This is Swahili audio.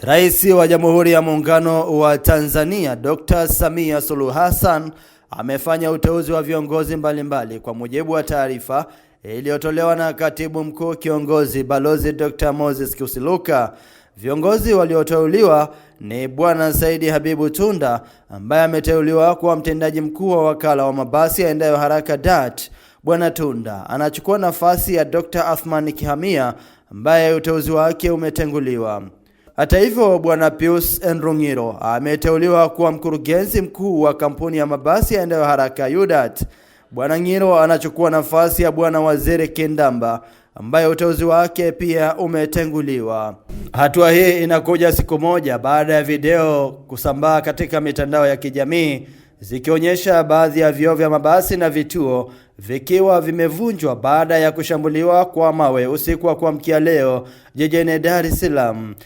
Rais wa Jamhuri ya Muungano wa Tanzania Dr. Samia Suluhu Hassan amefanya uteuzi wa viongozi mbalimbali mbali, kwa mujibu wa taarifa iliyotolewa na Katibu Mkuu Kiongozi Balozi Dr. Moses Kusiluka. Viongozi walioteuliwa ni Bwana Saidi Habibu Tunda ambaye ameteuliwa kuwa mtendaji mkuu wa wakala wa mabasi yaendayo haraka DART. Bwana Tunda anachukua nafasi ya Dr. Athman Kihamia ambaye uteuzi wake umetenguliwa. Hata hivyo, Bwana Pius Enrungiro ameteuliwa kuwa mkurugenzi mkuu wa kampuni ya mabasi yaendayo haraka Yudat. Bwana Ngiro anachukua nafasi ya Bwana Waziri Kindamba ambaye uteuzi wake pia umetenguliwa. Hatua hii inakuja siku moja baada ya video kusambaa katika mitandao ya kijamii zikionyesha baadhi ya vioo vya mabasi na vituo vikiwa vimevunjwa baada ya kushambuliwa kwa mawe usiku wa kuamkia leo jijini Dar es Salaam.